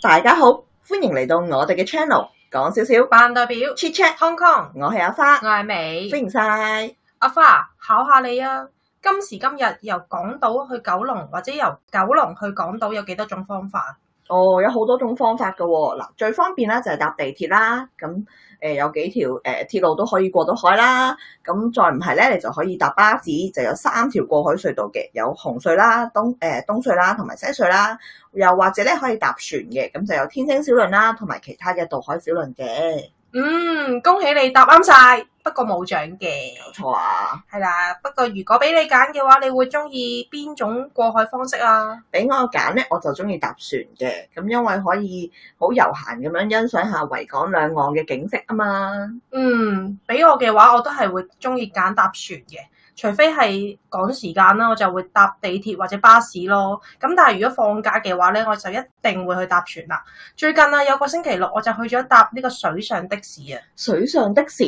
大家好，歡迎嚟到我哋嘅 channel，講少少。扮代表 Chit Chat Hong Kong，我係阿花，我係美，歡迎晒阿花，考下你啊。今時今日由港島去九龍，或者由九龍去港島，有幾多種方法？哦，有好多種方法噶喎，哦，嗱最方便咧就係搭地鐵啦，咁誒、呃、有幾條誒鐵路都可以過到海啦，咁再唔係咧你就可以搭巴士，就有三條過海隧道嘅，有紅隧啦、東誒東隧啦同埋西隧啦，又或者咧可以搭船嘅，咁就有天星小輪啦同埋其他嘅渡海小輪嘅。嗯，恭喜你答啱晒。不過冇獎嘅，冇錯啊？係啦，不過如果俾你揀嘅話，你會中意邊種過海方式啊？俾我揀呢，我就中意搭船嘅。咁因為可以好悠閒咁樣欣賞下維港兩岸嘅景色啊嘛。嗯，俾我嘅話，我都係會中意揀搭船嘅，除非係趕時間啦，我就會搭地鐵或者巴士咯。咁但係如果放假嘅話呢，我就一定會去搭船啦。最近啊，有個星期六我就去咗搭呢個水上的士啊。水上的士？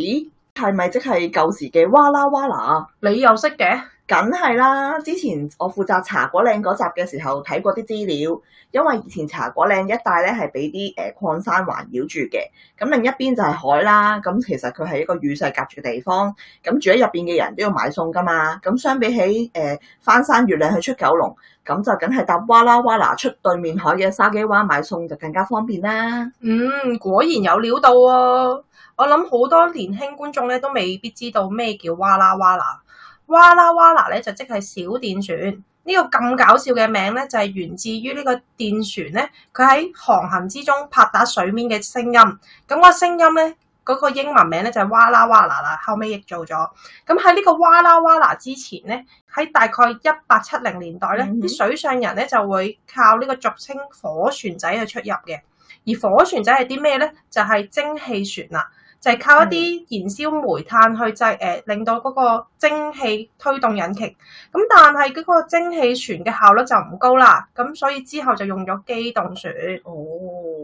係咪即係舊時嘅哇啦哇啦？你又識嘅，梗係啦！之前我負責茶果嶺嗰集嘅時候睇過啲資料，因為以前茶果嶺一帶咧係俾啲誒礦山環繞住嘅，咁另一邊就係海啦。咁其實佢係一個雨勢夾住嘅地方，咁住喺入邊嘅人都要買餸㗎嘛。咁相比起誒翻、呃、山越嶺去出九龍，咁就梗係搭哇啦哇啦出對面海嘅筲箕灣買餸就更加方便啦。嗯，果然有料到啊。我諗好多年輕觀眾咧都未必知道咩叫哇啦哇啦，哇啦哇啦咧就即係小電船。呢、這個咁搞笑嘅名咧就係、是、源自於呢個電船咧，佢喺航行之中拍打水面嘅聲音。咁、那個聲音咧嗰、那個英文名咧就係、是、哇啦哇啦啦。後尾亦做咗咁喺呢個哇啦哇啦之前咧喺大概一八七零年代咧啲、嗯、哼水上人咧就會靠呢個俗稱火船仔去出入嘅。而火船仔係啲咩咧？就係、是、蒸汽船啦。就係靠一啲燃燒煤炭去製誒、呃，令到嗰個蒸汽推動引擎。咁但係嗰個蒸汽船嘅效率就唔高啦。咁所以之後就用咗機動船。哦。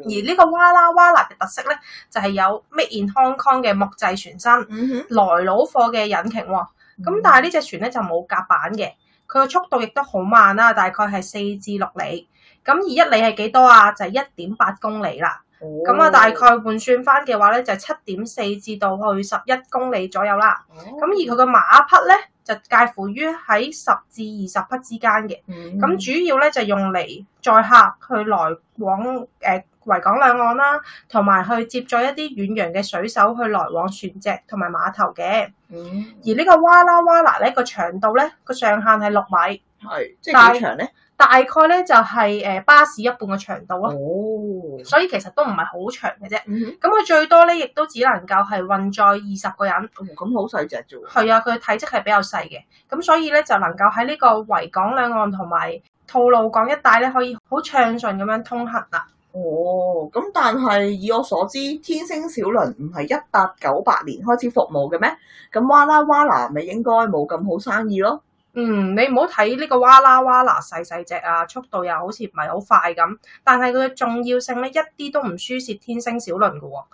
而呢個哇啦哇啦嘅特色咧，就係、是、有 Made in Hong Kong 嘅木製船身，嗯、哼來路貨嘅引擎喎。咁但係呢隻船咧就冇甲板嘅，佢個速度亦都好慢啦，大概係四至六里。咁而一里係幾多啊？就係一點八公里啦。咁啊，哦、大概換算翻嘅話咧，就七點四至到去十一公里左右啦。咁、哦、而佢嘅馬匹咧，就介乎於喺十至二十匹之間嘅。咁、嗯、主要咧就用嚟載客去來往誒、呃、維港兩岸啦，同埋去接載一啲遠洋嘅水手去來往船隻同埋碼頭嘅。嗯、而個娃娃娃娃呢個哇啦哇啦咧個長度咧個上限係六米，係即係幾長咧？大概咧就係誒巴士一半嘅長度咯，oh. 所以其實都唔係好長嘅啫。咁佢、mm hmm. 最多咧亦都只能夠係運載二十個人。咁好細隻啫喎。係啊，佢體積係比較細嘅，咁所以咧就能夠喺呢個維港兩岸同埋吐露港一帶咧可以好暢順咁樣通行啦。哦，咁但係以我所知，天星小輪唔係一八九八年開始服務嘅咩？咁哇啦哇啦咪應該冇咁好生意咯。嗯，你唔好睇呢個哇啦哇啦細細隻啊，速度又好似唔係好快咁，但係佢嘅重要性咧一啲都唔輸蝕天星小輪嘅喎、哦。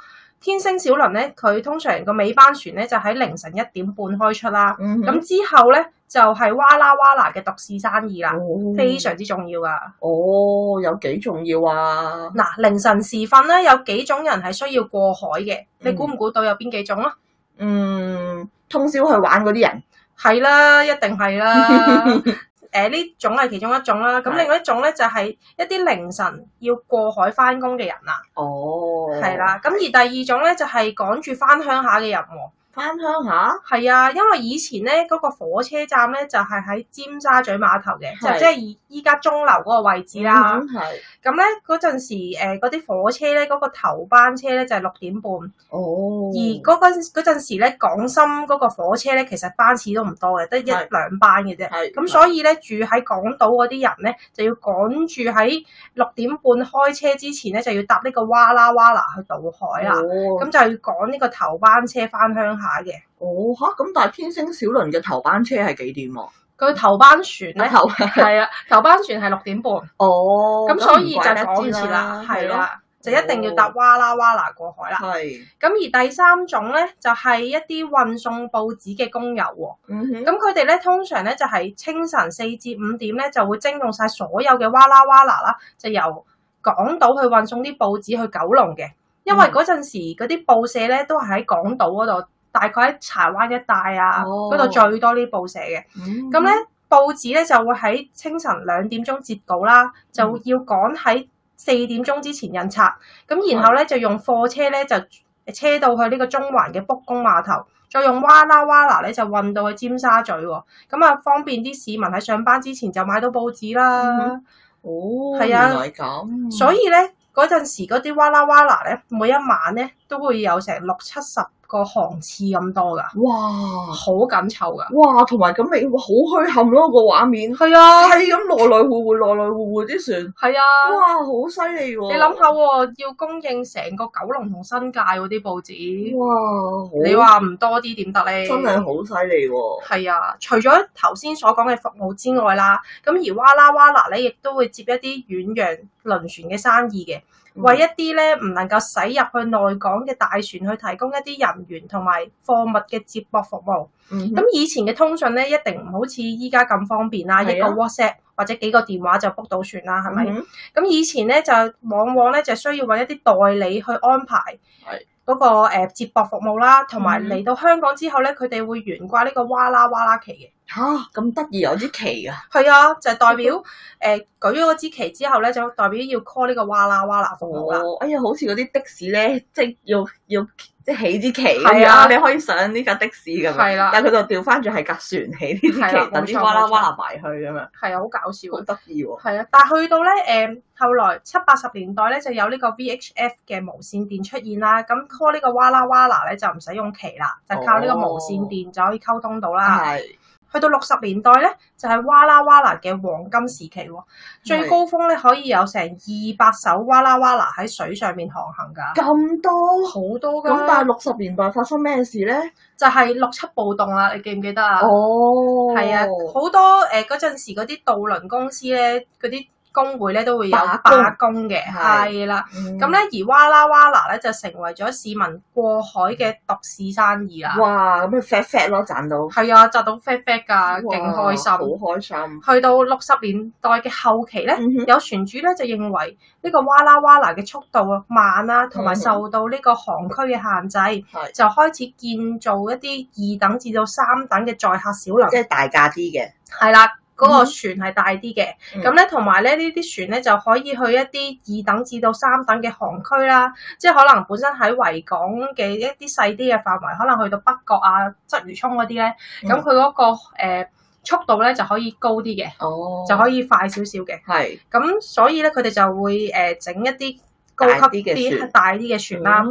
天星小輪咧，佢通常個尾班船咧就喺凌晨一點半開出啦。咁、嗯、哼之後咧就係哇啦哇啦嘅獨市生意啦，哦、非常之重要啊。哦，有幾重要啊？嗱、呃，凌晨時分咧有幾種人係需要過海嘅，嗯、你估唔估到有邊幾種咯？嗯，通宵去玩嗰啲人。係啦，一定係啦。誒、 呃，呢種係其中一種啦。咁另外一種咧，就係、是、一啲凌晨要過海翻工嘅人啊。哦，係啦。咁而第二種咧，就係、是、趕住翻鄉下嘅人喎。翻鄉下？係啊，因為以前咧嗰、那個火車站咧就係、是、喺尖沙咀碼頭嘅，是就即係依家鐘樓嗰個位置啦。咁係、嗯。咁咧嗰陣時，嗰、呃、啲火車咧嗰、那個頭班車咧就係、是、六點半。哦。而嗰陣嗰陣時咧，港深嗰個火車咧其實班次都唔多嘅，得是一兩班嘅啫。咁是、嗯、所以咧住喺港島嗰啲人咧就要趕住喺六點半開車之前咧就要搭呢個哇啦哇啦去渡海啦。咁、哦、就要趕呢個頭班車翻鄉下。下嘅哦嚇，咁但係天星小輪嘅頭班車係幾點啊？佢頭班船咧，係啊，頭班船係六點半。哦，咁所以就早啲啦，係啦，就一定要搭哇啦哇啦過海啦。係咁，而第三種咧，就係一啲運送報紙嘅工友。嗯哼，咁佢哋咧通常咧就係清晨四至五點咧就會徵用晒所有嘅哇啦哇啦啦，就由港島去運送啲報紙去九龍嘅，因為嗰陣時嗰啲報社咧都係喺港島嗰度。大概喺柴灣一帶啊，嗰度最多呢報社嘅咁咧，報紙咧就會喺清晨兩點鐘截稿啦，就要趕喺四點鐘之前印刷。咁，然後咧就用貨車咧就車到去呢個中環嘅卜公碼頭，再用哇啦哇啦咧就運到去尖沙咀喎。咁啊，方便啲市民喺上班之前就買到報紙啦。哦，係啊，原來咁，所以咧嗰陣時嗰啲哇啦哇啦咧，每一晚咧都會有成六七十。個航次咁多㗎哇，哇，好緊湊㗎，哇，同埋咁咪好墟冚咯個畫面，係啊，係咁來來回回來來回回啲船，係啊，哇，好犀利喎！你諗下喎，要供應成個九龍同新界嗰啲報紙，哇，你話唔多啲點得咧？真係好犀利喎！係啊，除咗頭先所講嘅服務之外啦，咁而哇啦哇啦咧，亦都會接一啲遠洋輪船嘅生意嘅。為一啲咧，唔能夠駛入去內港嘅大船，去提供一啲人員同埋貨物嘅接駁服務。咁、嗯、哼以前嘅通訊咧，一定唔好似依家咁方便啦，嗯、哼一個 WhatsApp 或者幾個電話就 book 到船啦，係咪、嗯哼？咁以前咧就往往咧就需要搵一啲代理去安排嗰個誒接駁服務啦，同埋嚟到香港之後咧，佢哋會懸掛呢個哇啦哇啦旗嘅。嚇咁得意有支旗啊！係啊，就係、代表誒、嗯呃、舉咗嗰支旗之後咧，就代表要 call 呢個哇啦哇啦服務、哦、哎呀，好似嗰啲的士咧，即係要要即係起支旗咁啊，你可以上呢架的士咁。係啦、啊，但係佢就調翻轉係隔船起呢支旗，等啲哇啦哇啦埋去咁樣。係啊，好、啊、搞笑，好得意喎！係啊，但係去到咧誒、嗯，後來七八十年代咧，就有呢個 VHF 嘅無線電出現啦。咁 call 呢個哇啦哇啦咧，就唔使用，用旗啦，就靠呢個無線電就可以溝通到啦。係、嗯。去到六十年代咧，就係哇啦哇啦嘅黃金時期喎，最高峰咧可以有成二百艘哇啦哇啦喺水上面航行㗎，咁多好多㗎。咁、嗯、但係六十年代發生咩事咧？就係六七暴動啦，你記唔記得、哦、啊？哦，係、呃、啊，好多誒嗰陣時嗰啲渡輪公司咧，嗰啲。工會咧都會有罷工嘅，係啦。咁咧而哇啦哇啦咧就成為咗市民過海嘅獨市生意啦。哇！咁佢 fat fat 咯，賺到 fat fat。係啊哇，賺到 fat fat 㗎，勁開心。好開心。去到六十年代嘅後期咧，嗯、哼有船主咧就認為呢個哇啦哇啦嘅速度啊、慢啊，同埋受到呢個航區嘅限制，就開始建造一啲二等至到三等嘅載客小輪。即係大架啲嘅。係啦。嗰個船係大啲嘅，咁咧同埋咧呢啲船咧就可以去一啲二等至到三等嘅航區啦，即係可能本身喺維港嘅一啲細啲嘅範圍，可能去到北角啊、鰂魚湧嗰啲咧，咁佢嗰個誒速度咧就可以高啲嘅，就可以快少少嘅。係，咁所以咧佢哋就會誒整一啲高級啲、大啲嘅船啦。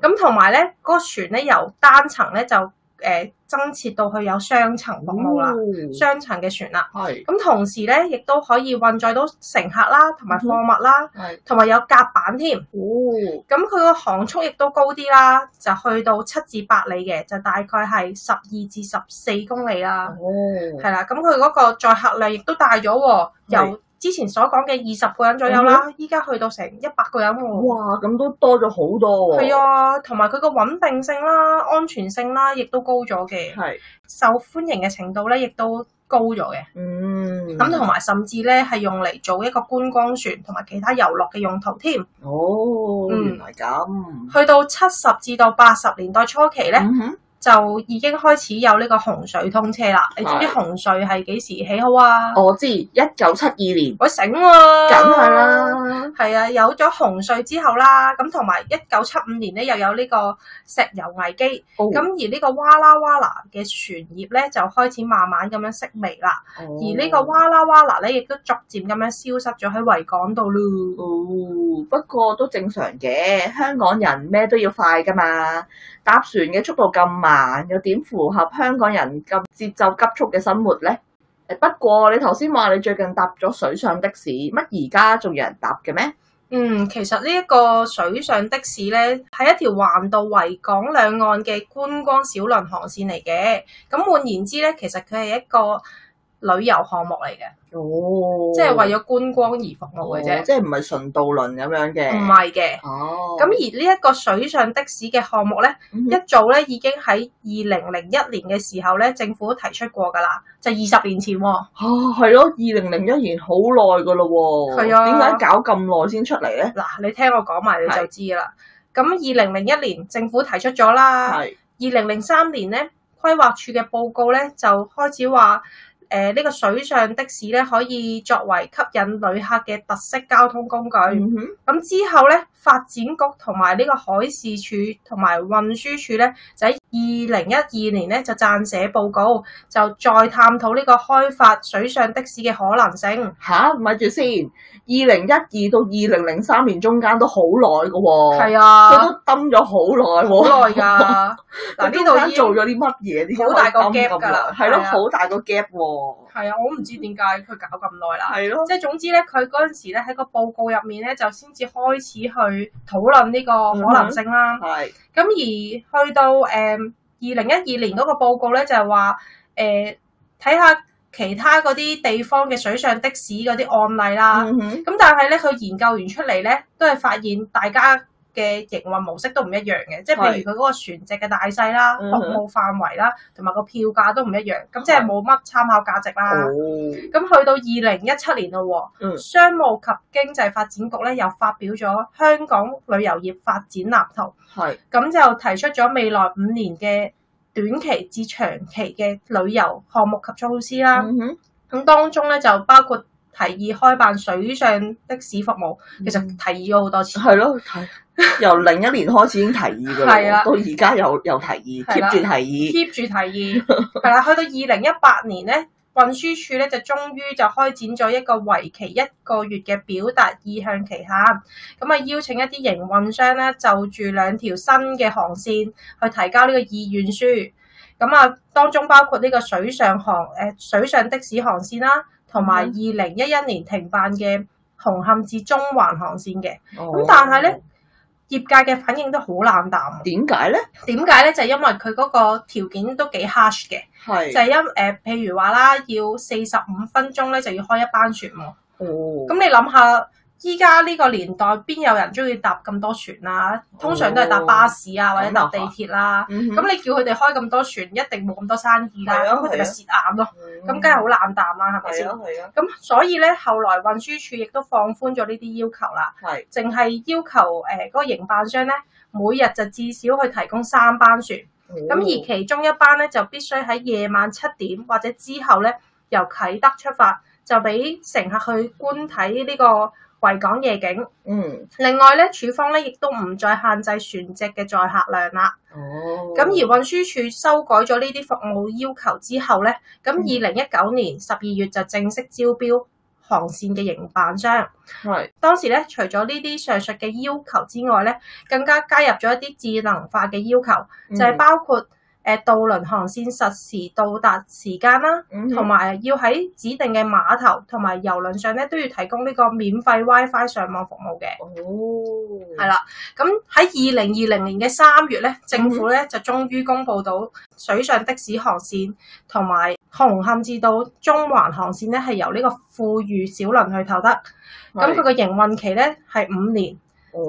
咁同埋咧嗰個船咧由單層咧就。誒、呃、增設到佢有雙層服務啦，哦、雙層嘅船啦，咁是同時咧亦都可以運載到乘客啦，同埋貨物啦，同埋、嗯、哼有甲板添。咁佢個航速亦都高啲啦，就去到七至八里嘅，就大概係十二至十四公里啦。係啦、哦，咁佢嗰個載客量亦都大咗，由之前所講嘅二十個人左右啦，依家、嗯、哼去到成一百個人喎。哇！咁都多咗好多喎。係啊，同埋佢個穩定性啦、安全性啦，亦都高咗嘅。係是。受歡迎嘅程度咧，亦都高咗嘅。嗯。咁同埋甚至咧，係用嚟做一個觀光船同埋其他遊樂嘅用途添。哦，原來咁、嗯。去到七十至到八十年代初期咧。嗯就已經開始有呢個洪水通車啦！係。你知唔知洪水係幾時起好啊？我知一九七二年，我、哎、醒喎、啊。梗係啦，係啊！有咗洪水之後啦，咁同埋一九七五年咧又有呢個石油危機，咁、哦、而呢個哇啦哇啦嘅船業咧就開始慢慢咁樣式微啦。哦、而個娃娃娃呢個哇啦哇啦咧亦都逐漸咁樣消失咗喺維港度咯。哦，不過都正常嘅，香港人咩都要快㗎嘛，搭船嘅速度咁慢。啊、又點符合香港人咁節奏急速嘅生活呢？不過你頭先話你最近搭咗水上的士，乜而家仲有人搭嘅咩？嗯，其實呢一個水上的士呢，係一條橫渡維港兩岸嘅觀光小輪航線嚟嘅。咁換言之呢，其實佢係一個。旅遊項目嚟嘅，哦，即係為咗觀光而服務嘅啫，即係唔係純渡輪咁樣嘅。唔係嘅，咁而呢一個水上的士嘅項目咧，一早咧已經喺二零零一年嘅時候咧，政府都提出過㗎啦，就二十年前喎。啊，係咯，二零零一年好耐㗎咯喎。係啊，點解搞咁耐先出嚟咧？嗱，你聽我講埋你就知㗎啦。咁二零零一年政府提出咗啦，係二零零三年咧，規劃處嘅報告咧就開始話。誒呢個水上的士咧可以作為吸引旅客嘅特色交通工具。咁之、嗯、哼後咧，發展局同埋呢個海事處同埋運輸處咧，就喺二零一二年咧就撰寫報告，就再探討呢個開發水上的士嘅可能性。吓，咪住先，二零一二到二零零三年中間都好耐嘅喎。係啊，佢都登咗好耐，好耐㗎。嗱呢度已經做咗啲乜嘢？好大個 gap 㗎喇，係咯，好、啊啊、大個 gap 喎。係啊，我唔知點解佢搞咁耐啦，係咯，即係總之咧，佢嗰陣時咧喺個報告入面咧就先至開始去討論呢個可能性啦。係、嗯，咁而去到誒二零一二年嗰個報告咧就係話誒睇下其他嗰啲地方嘅水上的士嗰啲案例啦。咁、嗯、哼但係咧佢研究完出嚟咧都係發現大家。嘅營運模式都唔一樣嘅，即係譬如佢嗰個船隻嘅大細啦、是服務範圍啦，同埋個票價都唔一樣，咁是即係冇乜參考價值啦。咁、哦、去到二零一七年啦，喎、嗯，商務及經濟發展局咧又發表咗香港旅遊業發展藍圖，係咁是就提出咗未來五年嘅短期至長期嘅旅遊項目及措施啦。咁、嗯、哼當中咧就包括提議開辦水上的士服務，其實提議咗好多次。係咯、嗯。由零一年開始已經提議㗎啦，的到而家又又提議，keep 住提議，keep 住提議，係啦。去到二零一八年咧，運輸署咧就終於就開展咗一個為期一個月嘅表達意向期限。咁啊，邀請一啲營運商啦，就住兩條新嘅航線去提交呢個意願書。咁啊，當中包括呢個水上航誒水上的士航線啦，同埋二零一一年停辦嘅紅磡至中環航線嘅。咁、哦、但係咧。業界嘅反應都好冷淡，點解咧？點解咧？就係、是、因為佢嗰個條件都幾 harsh 嘅，是就係因誒、呃，譬如話啦，要四十五分鐘咧就要開一班船喎。哦，咁你諗下，依家呢個年代邊有人鍾意搭咁多船啊？通常都係搭巴士啊，或者搭地鐵啦、啊。咁、哦哦嗯、你叫佢哋開咁多船，一定冇咁多生意啦、啊。咁佢哋咪蝕眼咯。咁梗係好冷淡啦，係咪先？咁、啊啊啊、所以咧，後來運輸署亦都放寬咗呢啲要求啦，淨係是要求誒嗰、呃嗰個營辦商咧，每日就至少去提供三班船，咁、哦、而其中一班咧就必須喺夜晚七點或者之後咧，由啟德出發，就俾乘客去觀睇呢、呢個維港夜景，嗯，另外咧，處方咧亦都唔再限制船隻嘅載客量啦。哦，咁而運輸署修改咗呢啲服務要求之後咧，咁二零一九年十二月就正式招標航線嘅營辦商。係、嗯，當時咧除咗呢啲上述嘅要求之外咧，更加加入咗一啲智能化嘅要求，就係、是、包括。誒渡輪航線實時到達時間啦，同埋要喺指定嘅碼頭同埋郵輪上咧都要提供呢個免費 WiFi 上網服務嘅。哦、oh.，係啦。咁喺二零二零年嘅三月咧，政府咧就終於公布到水上的士航線同埋、mm hmm. 紅磡至到中環航線咧係由呢個富裕小輪去投得。咁佢個營運期咧係五年。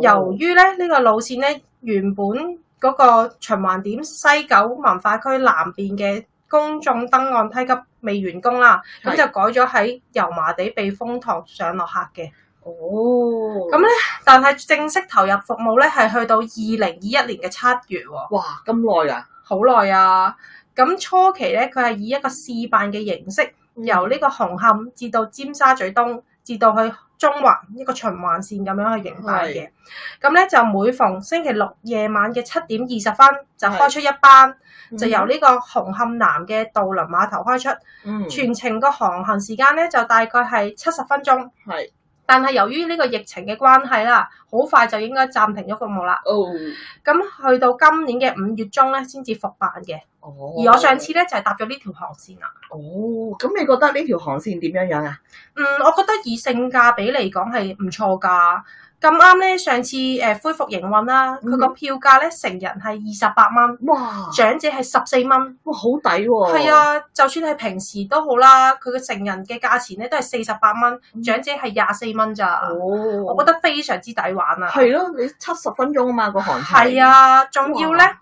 由於咧呢、呢個路線咧原本，嗰個循環點西九文化區南邊嘅公眾登岸梯級未完工啦，咁是就改咗喺油麻地避風塘上落客嘅。哦，咁咧，但係正式投入服務咧，係去到二零二一年嘅七月喎。哇，咁耐啊！好耐啊！咁初期咧，佢係以一個試辦嘅形式，嗯、由呢個紅磡至到尖沙咀東，至到去。中環一個循環線咁樣去形態嘅，咁咧是就每逢星期六夜晚嘅七點二十分就開出一班，是就由呢個紅磡南嘅渡輪碼頭開出，嗯、全程個航行時間咧就大概係七十分鐘。但係由於呢個疫情嘅關係啦，好快就應該暫停咗服務啦。哦，咁去到今年嘅五月中咧，先至復辦嘅。哦，oh. 而我上次咧就係搭咗呢條航線啦。哦，咁你覺得呢條航線點樣樣啊？嗯，我覺得以性價比嚟講係唔錯㗎。咁啱咧，上次誒恢復營運啦，佢個票價咧成人係二十八蚊，哇！長者係十四蚊，哇，好抵喎！係啊，就算係平時都好啦，佢嘅成人嘅價錢咧都係四十八蚊，嗯、長者係廿四蚊咋，哦！我覺得非常之抵玩啊！係咯，你七十分鐘啊嘛個行程，係啊，仲要咧，哇，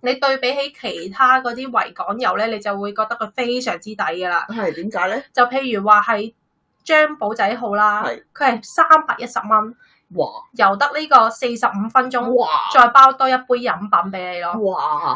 你對比起其他嗰啲維港遊咧，你就會覺得佢非常之抵㗎啦。係點解咧？呢就譬如話係張保仔號啦，佢係三百一十蚊。由哇得呢個四十五分鐘，哇再包多一杯飲品俾你咯。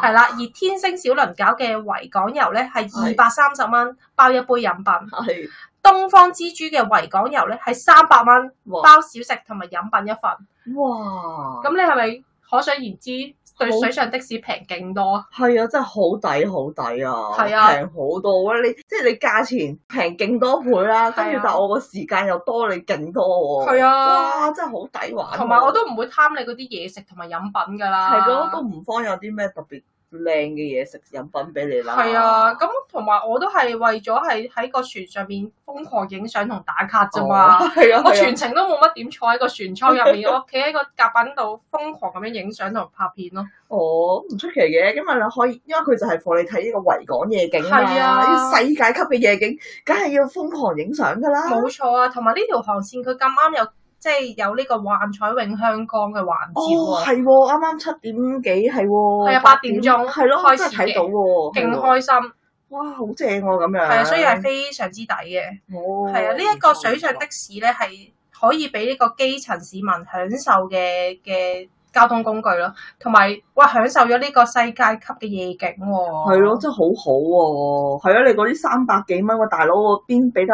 係啦哇，而天星小輪搞嘅維港遊咧，係二百三十蚊包一杯飲品。係的東方之珠嘅維港遊咧，係三百蚊包小食同埋飲品一份。哇！咁你係咪可想而知？對水上的士平勁多，係好啊，真係好抵好抵啊，平好、啊、多，啊，你即係你價錢平勁多倍啦、啊，跟住、啊、但係我個時間又多你勁多喎，係啊，啊哇，真係好抵玩，同埋我都唔會貪你嗰啲嘢食同埋飲品噶啦，係咯、啊，都唔慌有啲咩特別。靚嘅嘢食、飲品俾你啦。係啊，咁同埋我都係為咗係喺個船上面瘋狂影相同打卡啫嘛。係、哦、啊，啊我全程都冇乜點坐喺個船艙入面，我企喺個甲板度瘋狂咁樣影相同拍片咯。哦，唔出奇嘅，因為你可以，因為佢就係放你睇呢個維港夜景啊，要世界級嘅夜景，梗係要瘋狂影相噶啦。冇錯啊，同埋呢條航線佢咁啱又。即係有呢個幻彩詠香江嘅環節喎，係喎、哦，啱啱七點幾係喎，係啊，八點鐘係咯，哦、開始真係睇到喎、哦，勁開心，哇，好正喎咁樣，係啊，所以係非常之抵嘅，哦，係啊對，呢一個水上的士咧係可以俾呢個基層市民享受嘅嘅、哦嗯、交通工具咯，同埋哇享受咗呢個世界級嘅夜景喎，係咯、哦，真係好好喎，係啊，你嗰啲三百幾蚊個大佬嗰邊俾得。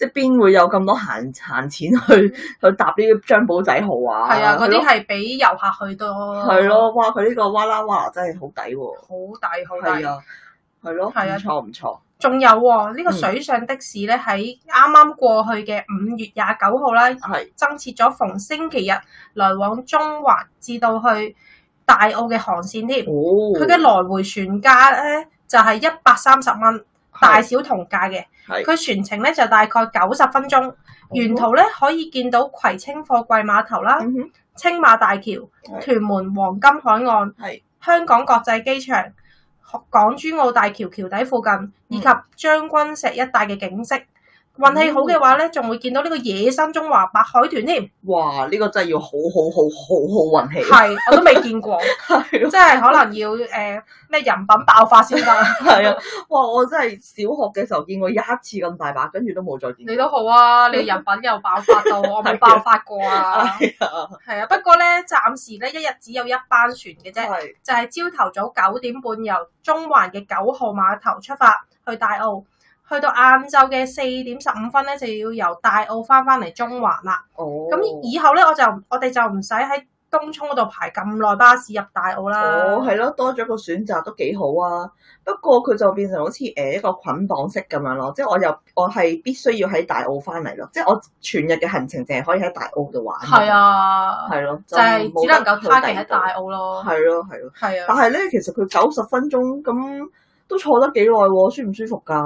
即邊會有咁多閒閒錢去去搭呢啲張寶仔號啊？係啊，嗰啲係俾遊客去到。係咯、啊，哇！佢呢、這個哇啦哇真係好抵喎。好抵，好抵啊！係咯，係啊，唔錯唔錯。仲、啊啊、有喎、啊，呢、這個水上的士咧，喺啱啱過去嘅五月廿九號啦，係、嗯、增設咗逢星期日來往中環至到去大澳嘅航線添。哦，佢嘅來回船價咧就係一百三十蚊。大小同價嘅，佢全是程咧就大概九十分鐘，沿途咧可以見到葵青貨櫃碼頭啦、嗯、哼青馬大橋、是屯門黃金海岸、是香港國際機場、港珠澳大橋橋底附近以及將軍石一帶嘅景色。運氣好嘅話咧，仲會見到呢個野生中華白海豚添。哇！呢、這個真係要好好好好好運氣。係，我都未見過。係、 啊、即係可能要誒咩、呃、人品爆發先得。係 啊，哇！我真係小學嘅時候見過一次咁大把，跟住都冇再見過。你都好啊，你人品又爆發到，我冇爆發過啊。係 啊、哎、啊，不過咧，暫時咧一日只有一班船嘅啫，對就係朝頭早九點半由中環嘅九號碼頭出發去大澳。去到晏晝嘅四點十五分咧，就要由大澳翻翻嚟中環啦。哦，咁以後咧，我就我哋就唔使喺東涌嗰度排咁耐巴士入大澳啦。哦，係咯，多咗個選擇都幾好啊。不過佢就變成好似誒一個捆綁式咁樣咯，即係我又我係必須要喺大澳翻嚟咯，即係我全日嘅行程淨係可以喺大澳度玩。係啊，係咯，就係只能夠揸嘅喺大澳咯。係咯，係咯。係啊。但係咧，其實佢九十分鐘咁。都坐得幾耐喎，舒唔舒服噶？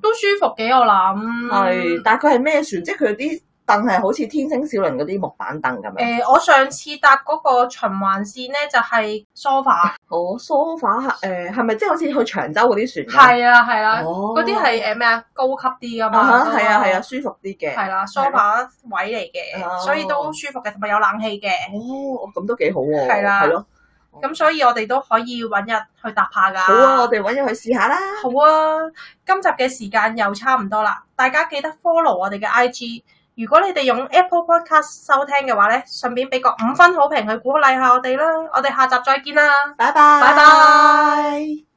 都舒服嘅，我諗。係，但係佢係咩船？即係佢啲凳係好似《天星小輪》嗰啲木板凳咁樣。誒、呃，我上次搭嗰個循環線咧，就係、是、sofa。哦，sofa 係誒，係咪即係好似去長洲嗰啲船？係啊，係啊。嗰啲係誒咩啊？高級啲噶嘛？係啊，係啊，啊，舒服啲嘅。係啦，sofa 位嚟嘅，嗎所以都舒服嘅，同埋有冷氣嘅、哦。哦，咁都幾好喎。係啦、啊。係咯、啊。咁所以我哋都可以揾日去搭下㗎。好啊，我哋揾日去試下啦。好啊，今集嘅時間又差唔多啦，大家記得 follow 我哋嘅 IG。如果你哋用 Apple Podcast 收聽嘅話咧，順便俾個五分好評去鼓勵下我哋啦。我哋下集再見啦，拜拜，拜拜。